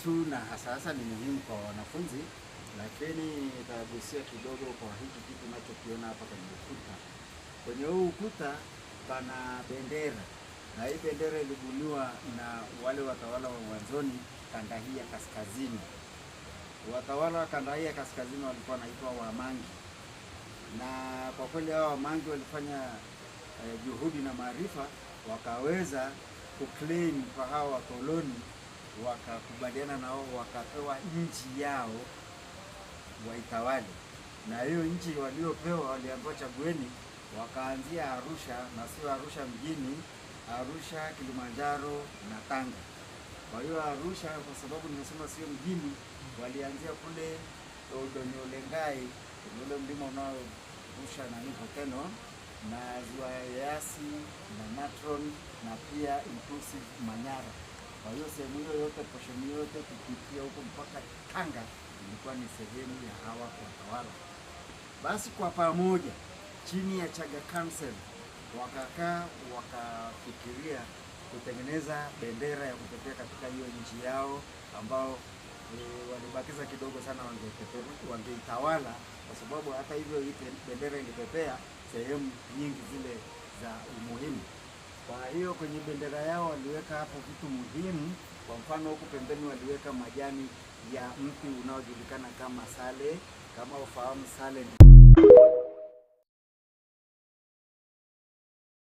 tu na hasa hasa ni muhimu kwa wanafunzi, lakini itagusia kidogo kwa hiki kitu nachokiona hapa kwenye ukuta. Kwenye huu ukuta pana bendera, na hii bendera ilibuniwa na wale watawala wa mwanzoni kanda hii ya kaskazini. Watawala wa kanda hii ya kaskazini walikuwa wanaitwa Wamangi, na kwa kweli hao Wamangi walifanya eh, juhudi na maarifa wakaweza kuclaim kwa hao wakoloni wakakubaliana nao wakapewa nchi yao waitawale, na hiyo nchi waliopewa waliambiwa chagueni, wakaanzia Arusha na sio Arusha mjini, Arusha, Kilimanjaro na Tanga. Kwa hiyo Arusha, kwa sababu nimesema sio mjini, walianzia kule Donyolengai, ule mlima unaorusha nani volcano na ziwa Eyasi na Natron na pia inclusive Manyara. Kwa hiyo sehemu hiyo yote, posheni yote kupitia huko mpaka Tanga ilikuwa ni sehemu ya hawa watawala. Basi kwa pamoja chini ya Chaga Council wakakaa wakafikiria kutengeneza bendera ya kutetea katika hiyo nchi yao ambao E, walibakiza kidogo sana wangeitawala, kwa sababu hata hivyo hii bendera ingepepea sehemu nyingi zile za kwa hiyo kwenye bendera yao waliweka hapo vitu muhimu. Kwa mfano, huku pembeni waliweka majani ya mti unaojulikana kama sale, kama ufahamu sale ni